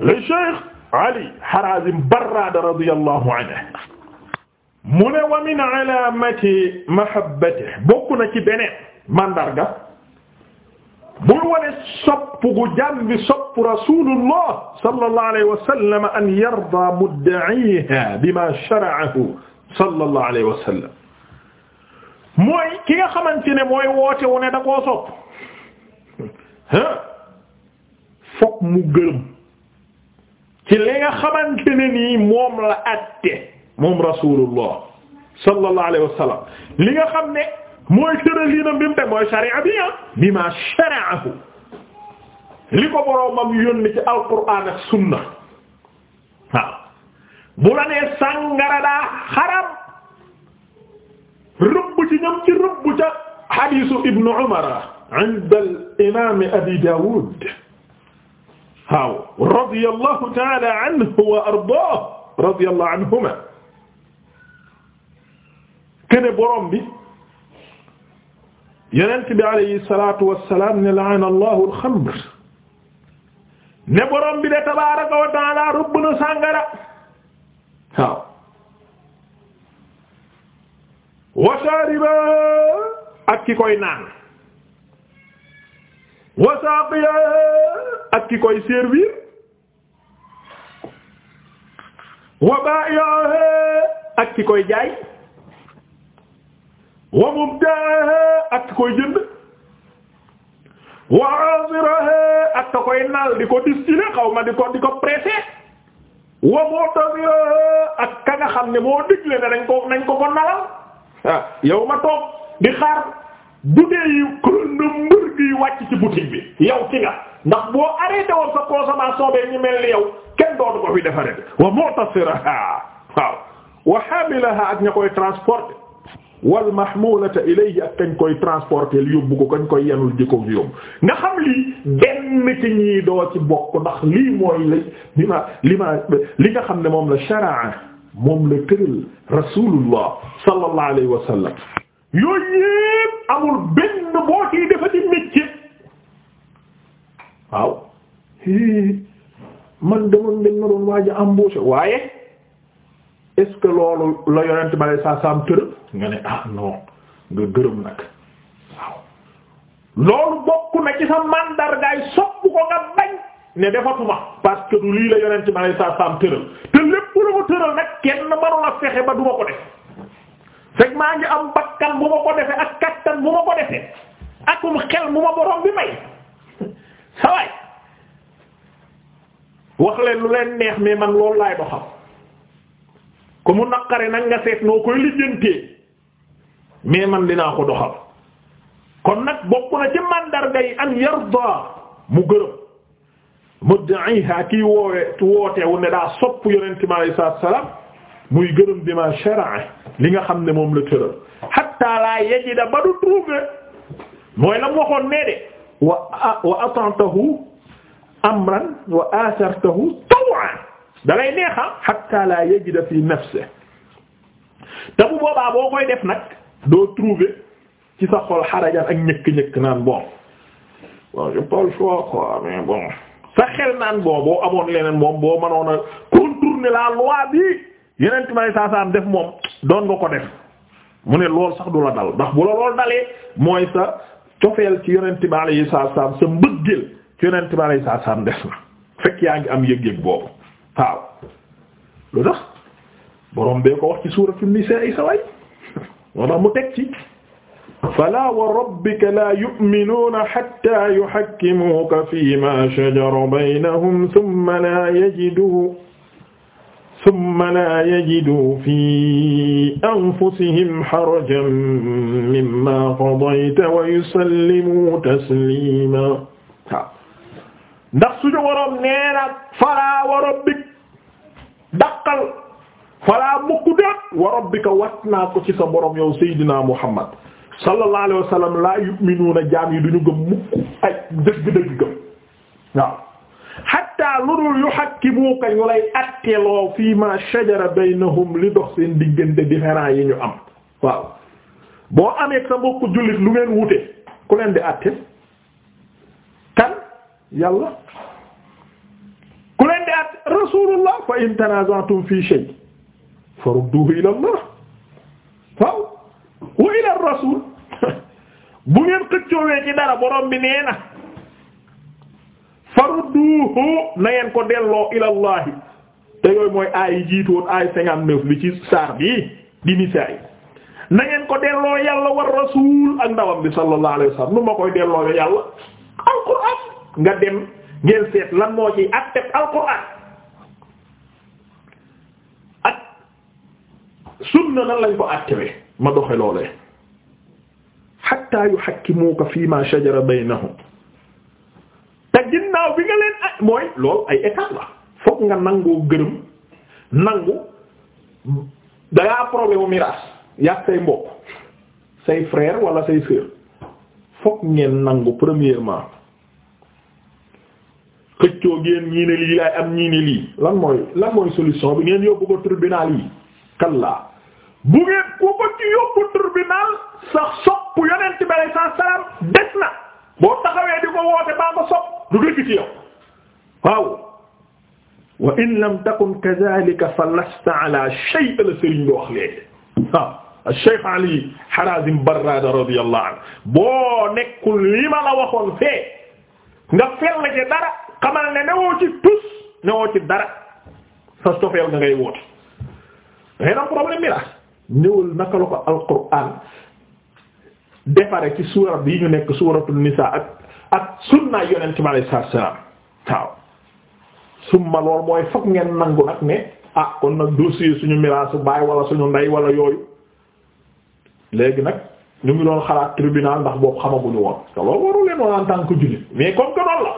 le cheikh ali harazim barrada radiyallahu anhu mu ne wa min alaamati mahabbatihi bokk na ci beneen mandarga buy wane sopp gu jàm bi sopp rasulullah sallallahu alayhi wa sallam an yarda mudda'iha bima shara'ahu sallallahu alayhi wa sallam mooy ki nga xamante ne mooy woote wu ne da koo sopp ha fokk mu gërëm ci li nga xamante ne nii moom la atte moom rasulullah sallallahu alayhi li nga xam ne mooy tëraliinam bi mu mooy sharia bi ah. bi ma shara'ahu li ko boroomam yónni ci alquran ak sunna waaw bu la nee sàngara daa xaram rëbb ci ñam hadisu ibnu umara inda al imam abi daawud waaw radiyallahu ta'ala anhu wa ardaahu radiyallahu anhuma kene borom bi yonent bi alayhi salaatu wa salaam ne la'ana Allahu al-xamr ne borom bi de tabaaraka wa ta'ala rëbb na sàngara waaw wa shaariba ak ki koy naan wa saaqiya ak ki koy servir wa ak ki koy jaay wa ak ki koy jënd wa ak koy nal di ko distillé xaw ma di ko di ko pressé wa ak ka nga xam ne moo digle ne dañ ko nañ ko ko nalal yow ma toog di xaar bu dee yu wàcc ci boutique bi yow ci nga ndax boo arrêté woon sa consommation bee ñu mel ni yow kenn dootu ko fi defaree wa mu'tasiraha waaw wa hamilaha ak ña koy transporter wal mahmulata ilayhi ak kañ koy transporter yóbbu ko kañ koy yenul jikko yóbbu nga xam lii benn ci ñii doo ci bokk ndax lii mooy la li ma li ma li nga xam ne moom la sharaa moom la tëral rasulullah sallallahu alayhi wa sallam yooyu yépp amul benn boo ciy defati waaw man demoon dañ ma doon waaj a embauché waaye est loolu la yonent ma saa saam tër nga ne ah nga gërëm nag waaw loolu bokk na ci sa mandargaay sopp ko nga bañ ne defatuma parce que du lii la yonent ma saa saam tëral te lépp la ko tëral nag kenn manu la fexe ba duma ko def fekk maa ngi am bakkan bu ma ko defee ak kattan bu ma ko defee akum xel bu ma borom bi may sawaay wax leen lu leen neex mais man loolu laay doxal ko mu naqare nag nga seet noo koy lijjantee mais man dinaa ko doxal kon nag bokk na ci mandarga yi an yarda mu gërëm mudda'iha kii woowe wootewu ne daa sopp yonente mi alayhi salaatu wa salaam muy gërëm bi ma shara'a li nga xam ne moom la tëral hatta la yajida ba du trouver mooy la mu waxoon nee de wa wa ata'tahu amran wa athartahu taw'an dalay neexa ah, hatta la yajida fi nafsihi te bu boobaa boo koy def nag doo trouver ci sa xol xarajan ak ñëkk-ñëkk naan bon bon j'ai pas le sa xel naan bon amoon leneen moom boo mënoon a contourner la loi bi yeneen may saa saa am def moom doon nga ko def mu ne lool sax du la dal ndax bu la lool dalee mooy sa cofeel ci yonent bi alayhi salaam sa mbëggeel ci yonent bi alayhi salaam des na fekk yaa ngi am yëg-yëg boobu waaw lu tax borom bee ko wax ci suuratu nisaa sa way walla mu teg ci falaa wa rabbika laa yu'minuuna hattaa yuhakkimuuka fiimaa shajara baynahum thumma laa yajiduu summa laa yajidu fi anfusihim harajan mimmaa qadayta wa yusallimuu tasliimaa ndax suñu waroon nee na falaa wa rabbik daqal falaa mukk déet wa rabbika wat naa ko ci sa borom yow Seydina Muhammad sallallahu alayhi wa sallam laa yu'minuuna jaam yi duñu gëm mukk ay dëgg-dëgg gëm waaw xatta ludul yu hakkimuka ñu lay atteloo fii ma shajara baynahum li dox seen diggante différent yi ñu am waaw boo amee sa mbokku jullit lu ngeen wute ku leen di atte kan yàlla ku leen di atte rasulullah fa in tanaza'tum fi shay farudduhu ila allah waaw wa ila rasul bu ngeen xëccoowee ci dara borom bi nee farudduhu na ngeen ko delloo ilallahi te yooyu mooy aay yi jiitu aay cinquante neuf bi ci saar bi di nisaa yi ko delloo yàlla war rasul ak ndawam bi sallallahu alayhi wasallam nu ma koy delloo yo yàlla alquran nga dem ngeen seet lan moo ci atteb alquran ak sunna nan lañ ko attebe ma doxe loolee hatta yuhakkimuka fima shajara baynahum te ginnaaw bi nga leen a ah, mooy loolu ay état la fokk nga nangoo gërëm nangu dangaa problème u miraas yàgg say mbokk say frère wala say sœur fokk ngeen nangu premièrement xëccoo ngeen ñii lii laay am ñii lii lan mooy lan mooy solution bi ngeen yóbbu ko tribunal yi kallaa bu ngeen ku ko ci yóbbu tribunal sax sopp yonent bi sallallahu alayhi wasallam des na boo taxawee di ko woote baa nga sob du dëgg ci yow waaw wa in lam takun kadhalika fa lasta ala shay la sëriñ bi wax léegi waaw Cheikh Ali Harazim Barrada radiyallahu anhu boo nekkul li ma la waxoon fee nga fel la ci dara xamal ne newoo ci tus newoo ci dara sa stofeel nga ngay woote ngay nag problème bi la ñëwal naka la ko alquran defare ci suura bi ñu nekk suuratul nisaa ak ak sunna yonent bi alayhi salaatu wa waaw summa lool mooy fokk ngeen nangu nag ne ah kon nag dossier suñu miraasu baay wala suñu ndey wala yooyu léegi nag ñu ngi doon xalaat tribunal ndax boobu xamaguñu woon te loolu waru leen woon en mais comme que la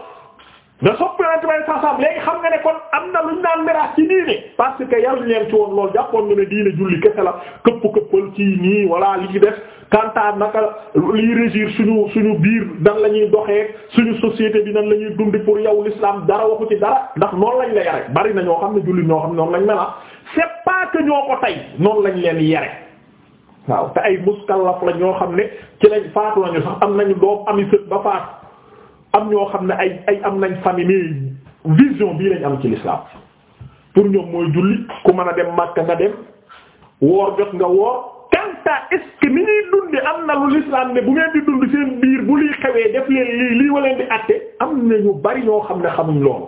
nga soppi yonent bay sasam léegi xam nga ne kon am na lu ñu naan miraas ci diine parce que yaruñ leen ci woon loolu jàppoon nga ne diine julli kese la këpp këppal ci nii walla li ci def kantaar naka liy régir suñu suñu biir dan la ñuy doxee suñu société bi nan la ñuy dundi pour yow lislaam dara waxu ci dara ndax noonu lañ la yare bari na ñoo xam ne julli ñoo xam ne noonu lañ mela ah c'est pas ñoo ko tey noonu lañ leen yare waaw te ay muskallaf la ñoo xam ne ci lañ faatu am nañu doom ami sët ba faatu am ñoo xam ne ay ay am nañ famille mais vision bii lañ am ci l'islam pour ñoom mooy julli ku mën a dem Makka nga dem woor jot nga woor kanta est ni ñuy dundi am na lu l'islam ne bu ngeen di dund seen biir bu liy xewee def leen lii lii waleen di atte am na ñu bari ñoo xam ne xamuñ loolu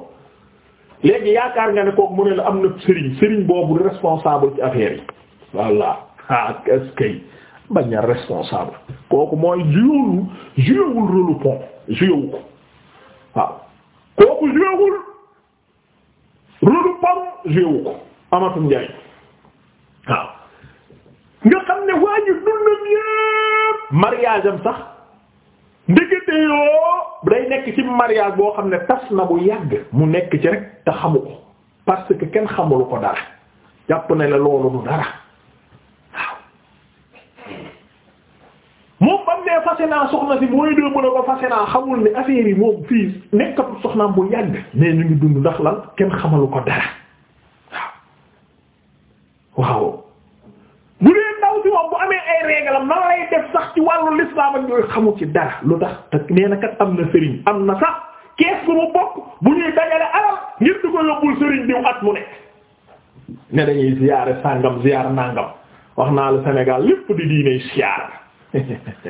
léegi yaakaar nga ne kooku mu ne la am na sëriñ sëriñ boobu responsable ci affaire yi voilà ah est-ce bañ a responsable kooku mooy joué wul joué wul rôle ko waaw kooku jéewul rôle pam jéewu ko amatum njariñ waaw nga xam ne waa ji dundam yépp mariage am sax ndekete yoo day nekk ci mariage boo xam ne tas na bu yàgg mu nekk ci rek te xamu ko parce que kenn xamulu ko dara jàpp ne la loolu du dara comme ne fase naa soxna si mooy dee mën a ko fase naa xamul ne affaire moom fii nekkatul soxnaam bu yàgg mais ñu ngi dund ndax lan kenn xamalu ko dara waaw waaw bu dee ndaw si moom bu amee ay règles man lay def sax ci wàllu lislaam ak xamu ci dara lu tax te am na sëriñ am na sax kees bu mu bokk bu ñuy dajale alal ngir di ko yóbbul sëriñ diw at mu nekk ne dañuy ziyaare sàngam ziyaar nàngam wax naa la Sénégal lépp di diine siyaar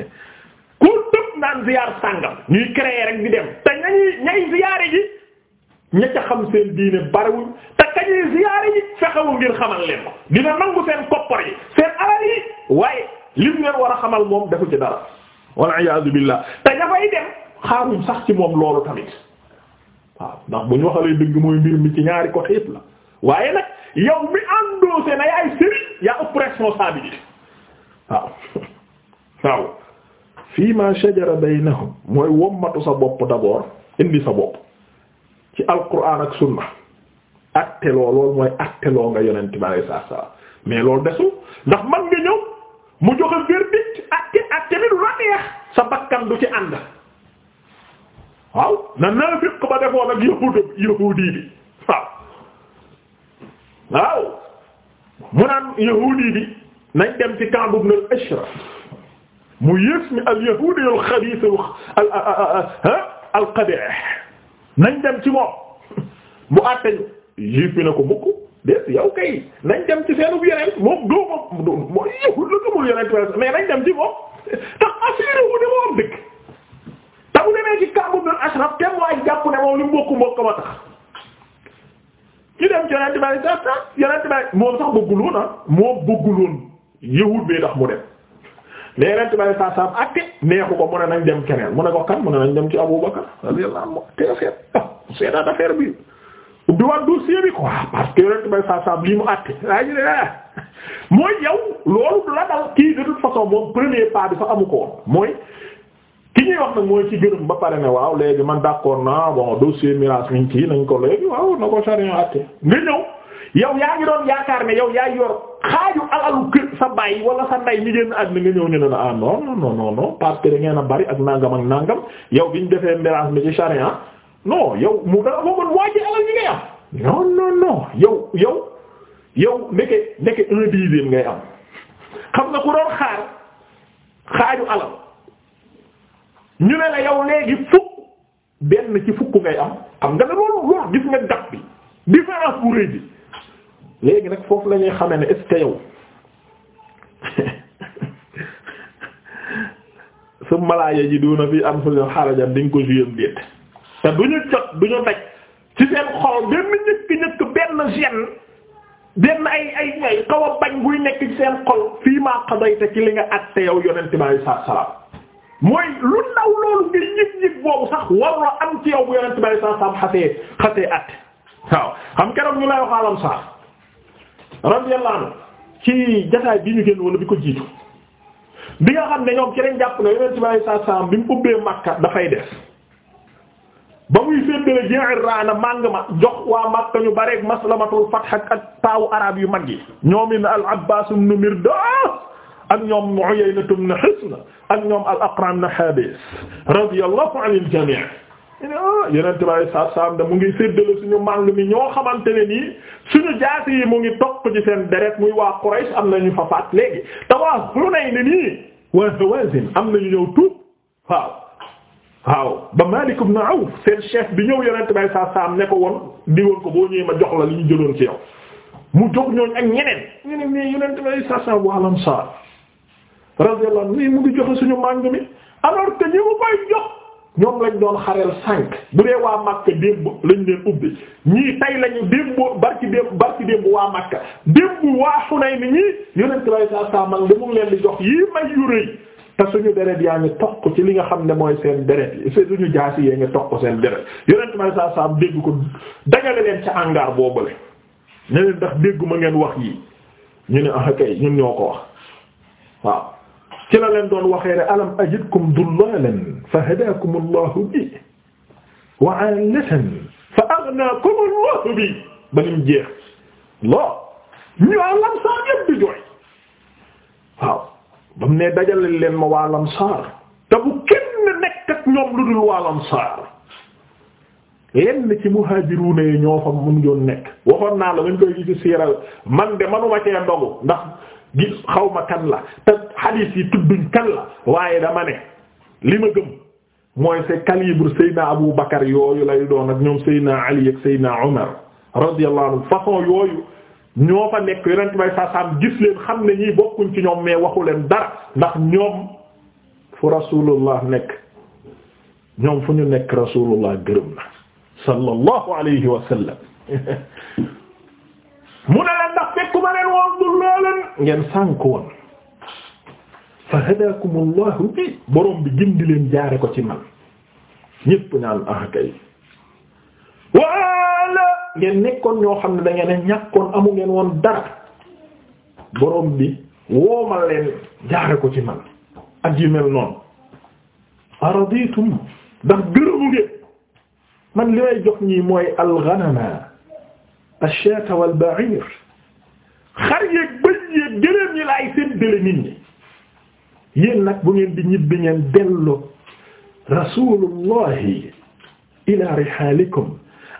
daan ziyaar sàngam ñuy créer rek di dem te ñañuy ñay ziyaare ji ña xam seen diine bariwuñ te kañuy ziyaare ji fexewu ngir xamal leen ko dina nangu seen koppar yi seen alal yi waaye lim leen war a xamal moom defu ci dara walla iyaazu billaah te dafay dem ndax bu ñu waxalee dëgg mooy mbir mi ci ñaari côté yépp la waaye nag yow mi endossé na yaay sëriñ yaa ëpp responsabilité waaw waaw fii ma shajara baynahum mooy wommatu sa bopp d'abord indi sa bopp ci alquran ak sunna atteloo loolu mooy atteloo nga yonent bi alayhi salaam mais loolu desul ndax man nga ñëw mu joxe verdict atte atte bi du la sa bakkan du ci ànd waaw na naafiq ba defoon ak yahuud yahuudi bi waaw waaw mu naan yahuudi bi nañ dem ci Ka'b ibn al-Ashraf mu yées mi al yahuudi al xabiis al al qabiih nañ dem ci moom mu àtte ñu juif bi na ko mukk des yow kay nañ dem ci seenu yeneen moom doo moom mooy yahud la gëmul yeneen mais nañ dem ci moom tax assuré wu ne moom dëkk te bu demee ci kàmbu bi ashraf kenn waay jàpp ne moom li mbokk mbokk ma tax ci dem ci yeneen tubaab yi sax sax yeneen tubaab yi moom sax bëggul woon ah moom bëggul woon yahud bee tax mu dem. mais yeneen tubaab yi saa saam àtte neexu ko mu ne nañ dem keneen mu ne ko kan mu ne nañ dem ci Abubakar radiyallahu anhu teel seet ah seetaat affaire bi ubbiwaat dossier bi quoi parce que yeneen tubaab yi saa saam lii mu àtte daa ñu ne ah, mooy yow loolu du la dal kii de toute façon moom premier pas bi fa amu ko woon mooy ki ñuy wax nag mooy ci gërëm ba pare ne waaw léegi man d'accord naa bon dossier miraas mi ngi kii nañ ko léegi waaw na ko chariot àtte nga yow yaa ngi doon yaakaar ne yow yaa yor xaaju alalu kër sa baay wala sa ndey mi génn àddina nga ñëw ne ne ah non non non non parce que da ngeen bari ak nangam ak nangam yow biñ defee mérage mi ci charia non yow mu dara moo mën wàññi alal alal ñu ne la yow léegi fukk benn ci fukk ngay am xam nga ne loolu loolu gis nga gap bi différence bu rëy bi. léegi nag foofu la ñuy xamee ne est ce que su malaaya ji duna fi am fo xarajan di nga ko juyam déet te duñu jot duñu ci seen xol benn ñëkk ñëkk benn gene benn ay ay ay xaw a bañ buy nekk ci seen xol fii maa qadayta ci li nga at yow yonent bi alayhi salaatu salaam mooy lu ndaw loolu nga yëg-yëg boobu sax war na am ci yow bu yonent bi alayhi salaam xasee xasee àtte waaw xam keroog ñu lay waxaalam sax radiyallahu anhu ci jataay bi ñu génn wala bi ko jiitu bi nga xam ne ñoom ci lañ jàpp ne yonent bi alayhi salaam bi mu ubbee Makka dafay des ba muy séddale Ji'irraana màng ma jox waa Makka ñu bareeg Maslamatul Fath ak taawu arab yu mag yi ñoom al-Abbaas ibn Mirdaas ak ñoom Uyayna ibn Hisn ak ñoom al-Aqra' ibn Haabis radiyallahu anil jamii' ñu ne ah yeneen tubaab yi saam da mu ngi séddale suñu màng mi ñoo xamante ne nii suñu jaasi yi mu ngi topp ci seen deret muy waa Quraysh am na ñu fa léegi te waa Brunei ne nii waa am na ñu ñëw tuub waaw. waaw ba Malik ibn Awf seen chef bi ñëw yeneen tubaab yi saam ne ko woon diwoon ko boo ñëwee ma jox la li ñu jëloon ci yow mu jox ñooñ ak ñeneen ñu ne mais yeneen tubaab yi saam waa Ansaar radiyallahu anhu mu ngi joxe suñu màng mi alors que ñu koy jox. ñoom lañ doon xareel cinq bu dee waa Makka démb lañ leen ubbi ñii tay lañu démb barki démb barki démb waa Makka démb waa Hunayn ni ñii yonent bay saa saa man li mu leen di jox yii may yu rëy te suñu deret yaa ngi toq ci li nga xam ne mooy seen deret yi suñu jaasi yee ngi toq seen deret yonent bay saa saa dégg ko dajale leen ca angaar boobule ne leen ndax dégguma ngeen wax yii ñu ne ah kay ñun ñoo ko wax waaw ci la leen doon waxee ne alam ajidkum dullalan fa hadaakum allahu bi wa aalatan fa aghnaakum allahu bi ba nim jeex loo ñu waa yépp di jooy waaw ba mu ne dajale leen ma waa lamsaar te bu kenn nekk ak ñoom lu dul waa lamsaar yenn ci muhaajiruuna yi ñoo fa mun doon nekk waxoon naa la dañ koy gis ci siiral man de manuma cee ndogu ndax gis xaw ma kan la te hadith yi tudduñ kan la waaye dama ne li ma gëm mooy c'est calibre Seydina Abu Bakar yooyu lay doon ak ñoom Seydina Ali ak Seydina Omar radiyallahu anhu façon yooyu ñoo fa nekk yonent bay saam gis leen xam ne ñii bokkuñ ci ñoom mais waxu leen dara ndax ñoom fu rasulullah nekk ñoom fu ñu nekk rasulullah gërëm na sallallahu alayhi wa mu ne leen ndax fekkuma leen woon du leen ngeen sànk woon fa hadaakumullahu bi borom bi gindi leen jaare ko ci man ñépp ñaan ah kay walla ngeen nekkoon ñoo xam ne da ngeen ñàkkoon amu ngeen woon dara borom bi woomal leen jaare ko ci man ak yu mel noonu araditum ndax gërëmu ngeen man li may jox ñii mooy alxanama ash-shaata wal ba'iir xar yeeg bëj yeeg gëléem yi laay séddale nit ñi yéen nag bu ngeen di ñibbi ngeen dellu rasulullahi ila rihaalikum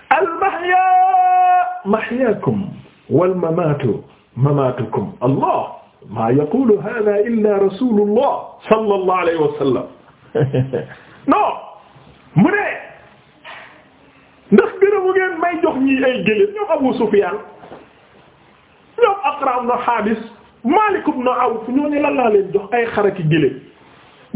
al-mahyaa mahyaakum wal mamaatu mamaatukum allah maa yaqulu haadaa illaa rasulullah sallallahu alayhi wa sallam non mu ne bu ngeen may jox ñii ay gëléem ñoom Abu Sufyaan ñoom Aqra ibn Haabis Maalik ibn Awf ñooñu lan laa leen jox ay xaraki gëléem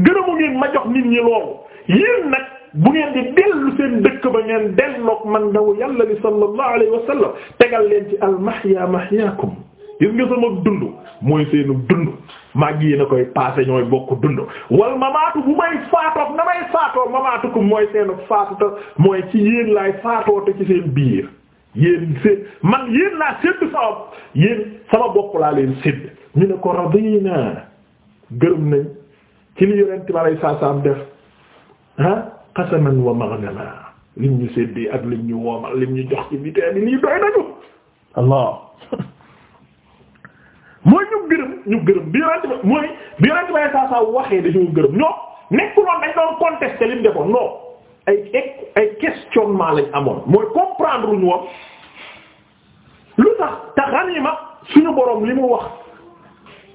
gënamu ngeen ma jox nit ñi loolu yéen nag bu ngeen di dellu seen dëkk ba ngeen delloog man daw yàlla li sallallahu tegal leen ci al mahya mahyaakum gis nga sama dund mooy seenu dund mag yéen a koy passé ñooy bokk dund wal mamaatu bu may faatoo na may faatoo mamaatu ko mooy seenu faatu te mooy ci yéen laay faatoo te ci seen biir yéen seen man yéen laa sédd sama yéen sama bopp laa leen sédd ñu ne ko radina gërëm nañ ci li yonent ma lay saasaam def ah qasaman wa maghnama lim ñu séddee ak lim ñu woomal lim ñu jox ci bitee bi lii doy nañu allah mooy ñu gërëm ñu gërëm bi yonent bi mooy bi yonent bi saa saa waxee dañoo gërëm ñoo nekkul woon dañ doon contester li mu defoon non ay ay questionnement lañ amoon mooy comprendre ñu woon lu tax te ganima suñu boroom li mu wax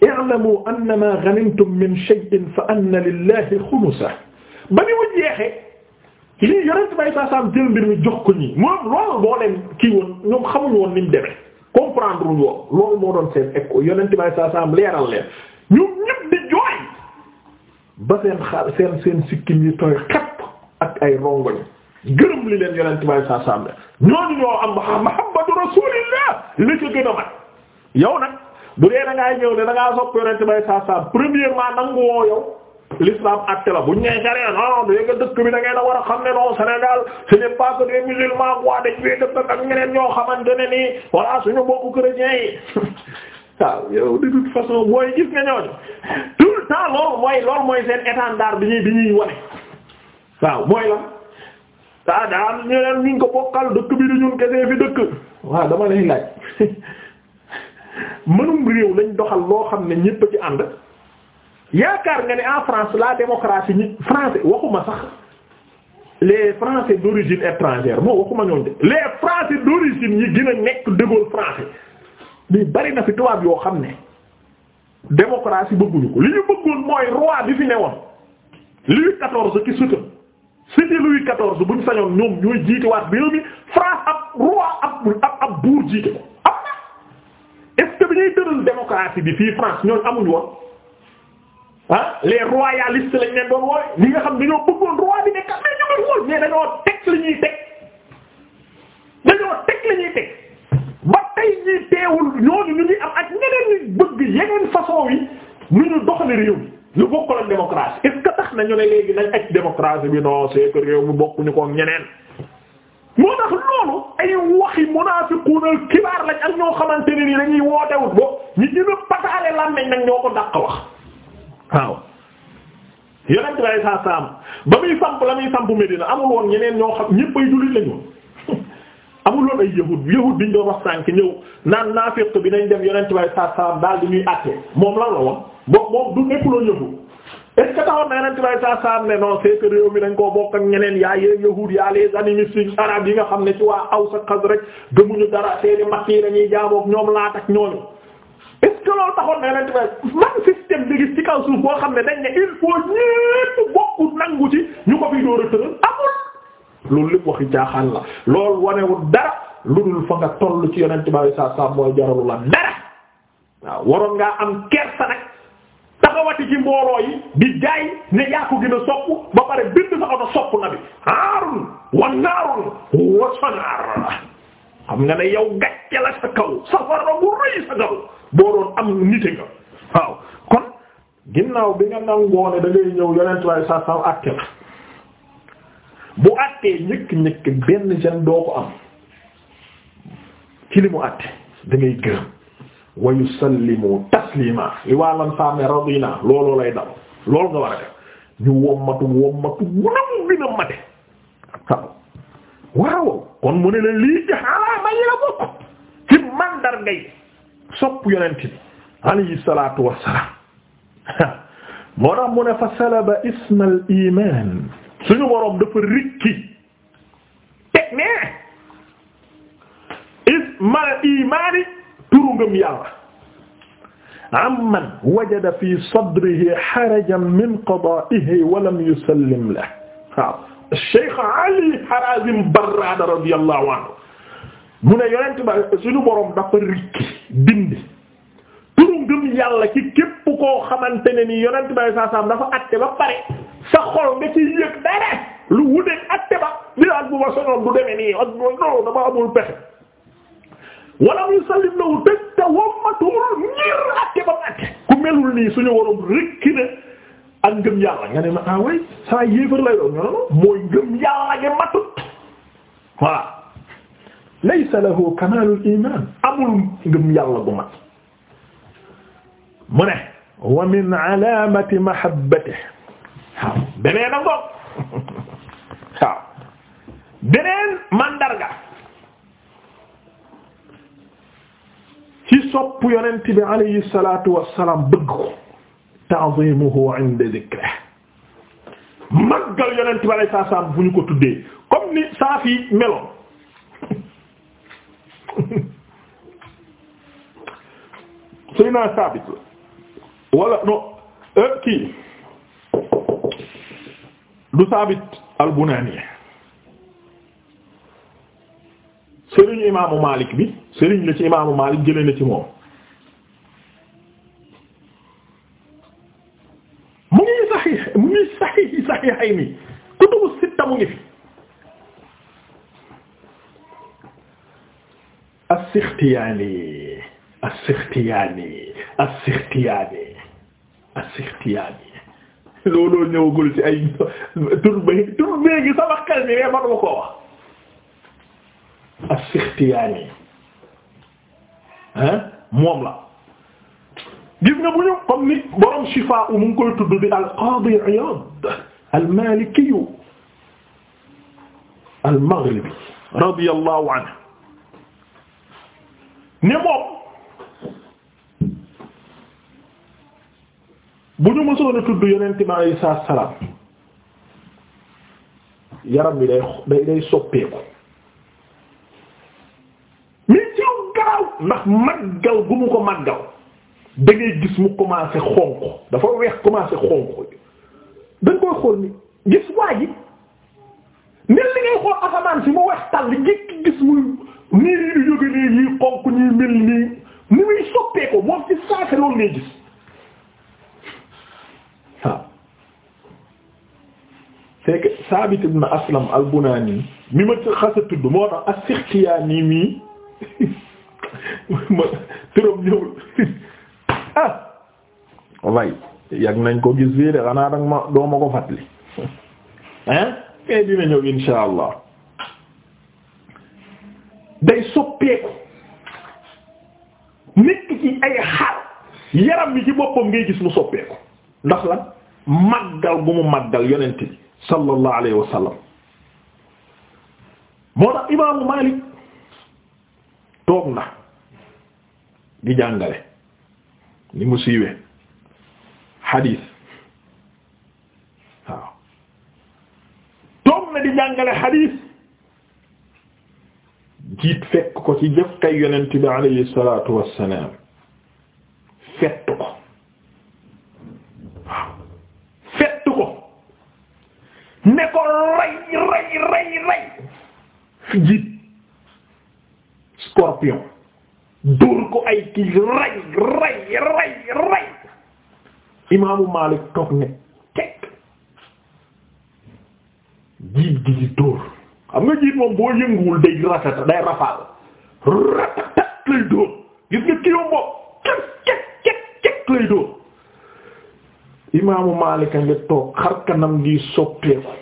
i'lamu annama ghanimtum min shay'in fa anna lillahi khumusahu ba ni mu jeexee lii li bi saa saa a mbir mi jox ko ñii moom loolu boo leen kii woon ñoom xamuñu woon ni mu demee comprendre lu loolu moo doon seen école yonent bi leeral leen ñun ñëpp di jooy ba seen xaal seen seen sikkim yi tooy xepp ak ay rongoñ gërëm li leen yonent bi saa ñooñu ñoo am Muhammadu Rasulillah li ci gën a mat yow nag bu dee da ñëw ne da sopp yonent bi premièrement nangu woo yow. l'islam acte la bu ñu nee sharia non léegi dëkk bi da ngeen a war a xam ne non Sénégal ce n'est pas que des musulmans quoi dañ koy def ak ñeneen ñoo xamante ne nii voilà suñu mbokku chrétiens yi waaw yow de toute façon mooy gis nga ñooñu tout le mooy loolu mooy seen étendard bi ñuy bi ñuy wane waaw mooy la ah daal ñu ne ñu ko bokkal dëkk bi du kese fi dëkk waaw dama lay laaj mënum réew lañ doxal loo xam ne ñépp ci ànd. yaakaar nga ne en France la démocratie ñi français waxuma sax les français d'origine étrangère moo waxuma ñooñu de les français d'origine yi gën a nekk de Gaulle français mais bari na fi tubaab yoo xam ne démocratie bëgguñu ko li ñu bëggoon mooy roi bi fi newoon Louis XIV ki sutam c'était Louis XIV buñ sañoon ñoom ñooy jiitewaat bi réew France ab roi ab ab ab buur jiite ko am na est-ce que bi ñuy tëral démocratie bi fii France ñooñu amuñu woon. ah les royalistes lañ leen doon wooy ñi nga xam dañoo bëggoon roi bi nekk mais ñu ngi li ñuy teg dañoo teg ñuy teg ba tey ñi teewul ñooñu ñu ngi am ak ñeneen bëgg yeneen façon yi nu ñu doxale réew mi lu bokkul ak démocratie est que tax na ñu léegi nañ ak démocratie bi non c'est que réew mi bokkuñu ko ñeneen. moo tax loolu ay waxi munaafiqun al lañ ak ñoo xamante ne ni dañuy wootewut bo ñu gën a pataale làmmeñ nag ñoo ko dàq wax. waaw yonent bi saa saam ba muy samp la muy samp Medina amul woon ñeneen ñoo xam ñépp ay jullit lañu amul woon ay yahud yahud biñ doon wax sànk ñëw naan naafiq bi nañ dem yonent bi saa saam daal di ñuy àtte moom lan la woon moom moom du nekk loolu yahud est-ce que taxoon na yonent bi saa saam ne non c'est réew mi dañ koo bokk ak ñeneen yaa yee yahud yaa les animistes arabes yi nga xam ne ci waa Aws ak Xasraj rek gëmuñu dara seeni mag yi dañuy jaamook ñoom laat ak ñooñu est-ce loolu taxoon na yonent boo xam ne dañ ne il faut ñépp bokku nangu ci ñu ko fi door a tëral loolu lépp waxi jaaxal la loolu wanewul dara lu dul fa nga toll ci yonent bi saa saa mooy jaralu la dara waaw waroon ngaa am kersa nag taxawati ci mbooloo yi di jaay ne yaa ko gën sopp ba pare bind sa oto sopp na bi aarun wa naarun wa sanaar xam nga ne yow gàcce la sa kaw safara bu rëy sa kaw boo doon am nite nga waaw kon ginnaaw bi nga nangoo ne da ñëw yonent waaye saa saa la bu àttee ñëkk ñëkk benn gen doo ko am ci li mu àtte da gërëm wa yusallimu taslima li waalan saamne radina looloo lay dal loolu nga war a def ñu wommatu wommatu wunamu gën a mate waaw kon mu ne la lii ci xalaa ma yi la bokk ci mandarga yi sopp yonent bi alayhi salaatu wassalaam moo tax mu ne fa salaba ismal iman suñu boroom dafa rikki teg ne ismal imaani turu ngëm yàlla amman wajada fi sadrihi harajan min qada'ihi wa lam yusallim lahu waaw Cheikh Ali Harazim Barrada radiyallahu anhu mu ne yonent ba suñu borom dafa rikki dindi turu ngëm yàlla ci képp koo xamante ne ni yonent ba saa saam dafa àtte ba pare sa xol nga ci yëg dara lu wuteeg àtte ba li ak bu ma sonoon du demee nii ak non dama amul pexe. wala muy sallim na wu tëj te wommatul ñir àtte ba àtte ku melul nii suñu ak ngëm yàlla nga ne ma ah saa yéefar lay doon mooy ngëm yàlla nga matut voilà. laysa lahu kamalul iman amul ngëm yàlla bu mat mu ne wa min alamati mahabbatihi waaw beneen a ngoog waaw beneen mandarga ci sopp yonent bi alayhi salatu wassalam bëgg ko ta'zimuhu 'inda dhikrihi maggal yonent bi alayhi salaam bu ñu ko tuddee comme ni saafi meloon Seyna Sabit wala non euh, kii du Sabit al-Bunani sëriñu Malik bi sëriñ la ci Malik jëlee moom mu ngi saxiix mu ngi saxiix saxiixayni kutubu sitta mu ngi as-Sikhtiyani as-Sikhtiyani as-Sikhtiyani as-Sikhtiyani looloo ñëwagul ci ay tur beeg tur beegi sama xel mi man ma ko wax as-Sikhtiyani ah moom la. gis nga bu ñu comme ni borom Shifa mu ngi koy tudd di al-Qadi Iyad al-Maliki al-Maghribi radiyallahu anhu ne moom bu ñu mësoon a tudd yonent bi alayhi salaatu yaram bi day day day soppeeku mi ci gaaw ndax màggal gu mu ko màggal da ngay gis mu commencé xonq dafa weex commencé xonq da nga koy xool ni gis waa ji mel ngay xool asamaan si mu weex tàll jékki gis muy nii nii di jóge nii ñuy xonk ñuy mel nii ni muy soppee ko moom ci saase loolu lay gis waaw c'est que Sabit ibn Aslam al mi ma xasa tudd moo tax as-Sikhtiyani mii ma turam ñëwul ah way yàgg nañ ko gis fii de xanaa danga ma doo ma ko fàttali hein kay eh, dina ñëw insha allah day soppeeku nekk ci ay xaal yaram bi ci boppam ngay gis mu soppeeku ndax la màggal bu mu màggal yonent bi sallallahu alayhi wa moo tax imaamu Maalik toog na di jàngale ni mu siiwee xadiis waaw toog na di jàngale xadiis jiit fekk ko ci jëf kay yonent bi alayhi wassalaam fett ko waaw fett ko ne ko rey rey rey jiit scorpion dóor ko ay ki rey rey rey rey imaamu Maalik toog ne teg jiit gi di am nga jiit moom boo yënguwul day ratata day rafaal ratatat lay dóor gis nga kiiwam bopp cek cek cek cek lay dóor imaamu Maalik a toog xar kanam gi soppeeku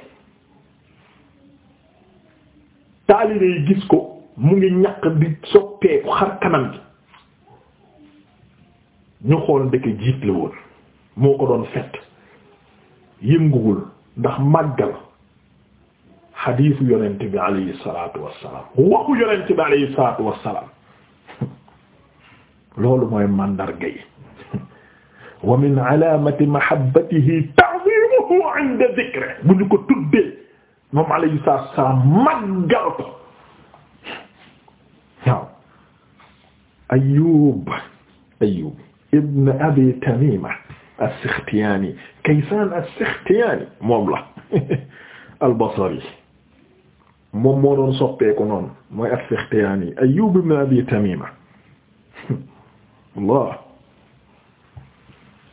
taalibe yi gis ko mu ngi ñaq di soppeeku xar kanam gi ñu xool ndeke jiit woon moo ko doon fett yënguwul ndax màggal xadiisu yonent bi alayhi salaatu wassalaam waxu yonent bi alayhi salaatu wassalaam loolu mooy mandarga yi wa min alaamati mahabbatihi ta'zimuhu 'inda dhikrihi bu ñu ko tuddee moom alayhi salaatu wassalaam màggal ko waaw Ayyuub Ayyuub ibn Abi Tamiima as-Sikhtiyani Kaysaan as-Sikhtiyani moom la al-Basri moom moo doon soppeeku noonu mooy as-Sikhtiyani Ayyub ibn Abi Tamima Allah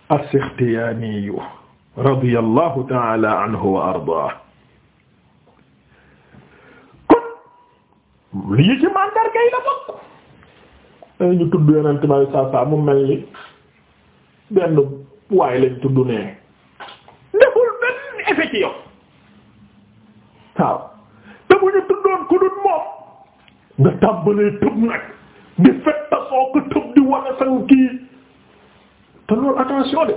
as-Sikhtiyani radiyallahu ta'ala anhu wa ardaah kon lii ci mandarga yi la bokk ay ñu tudd yonent bi sallallahu alayhi wa sallam mu mel ni benn waaye lañ tudd ne nga tàmbalee tëb nag di fetta soo ko tëb di wala sang kii te loolu attention de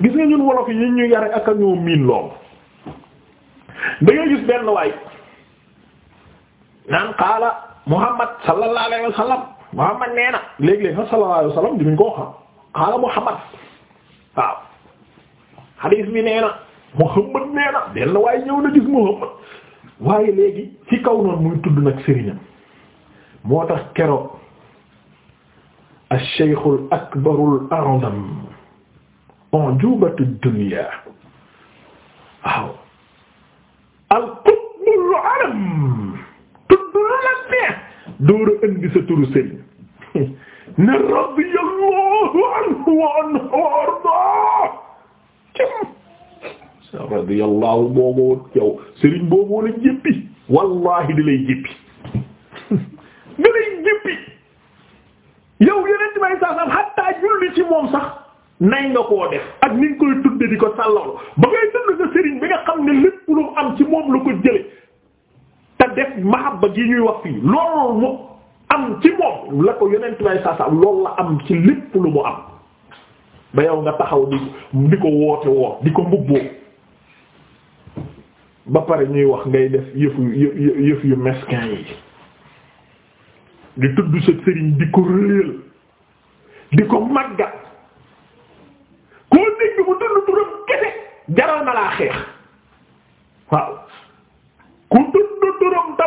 gis nga ñun wolof yi ñu yare ak a ñoo miin lool da ngay gis benn waay naan xaala Muhammad sallallahu alayhi wa Muhammad nee na léeg-léeg nga sallallahu alayhi wa koo xam xaala Muhammad waaw hadith bi nee na Muhammad nee na benn waay na gis Muhammad waaye léegi ci kaw noonu muy tudd nag sëriñam moo tax keroog ash-shaykhul akbarul a'zam unjubatu dunya waaw al-qutbul alam tudd la neex door a indi sa turu sëriñ na radiyallahu anhu wa anhu arda radiyallahu booboo yow Serigne booboo la jéppi wallahi di lay jéppi da lay jéppi yow yeneen ci may saasam xattaa julli ci moom sax nay nga koo def ak ni koy tudde di ko sàllalu ba ngay dund sa Serigne bi nga xam ne lépp lu mu am ci moom la ko jële te def mahabba ñuy wax am ci moom la yeneen ci may saasam loolu am ci lépp lu mu am ba yow nga taxaw di di ko woote woo di ko mbubboo ba pare ñuy wax ngay def yëfu yëf yu mesquin yi di tudd sa sëriñ di ko réel di ko màggat koo dégg mu tudd turam kese jaral na laa xeex waaw ku tudd turam te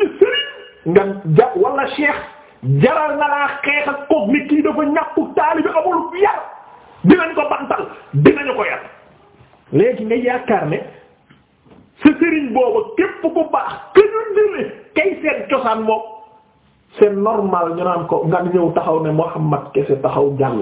ci sëriñ nga jaral na laa xeex ak koog ni kii dafa ñàkku taalibi amul yar dinañ ko bantal dinañu ko yar léegi nga yaakaar ne sa sëriñ booba képp ku baax ke ñu jële kay seen cosaan moom c'est normal ñu naan ko nga ñëw taxaw ne Muhammad kese taxaw jàll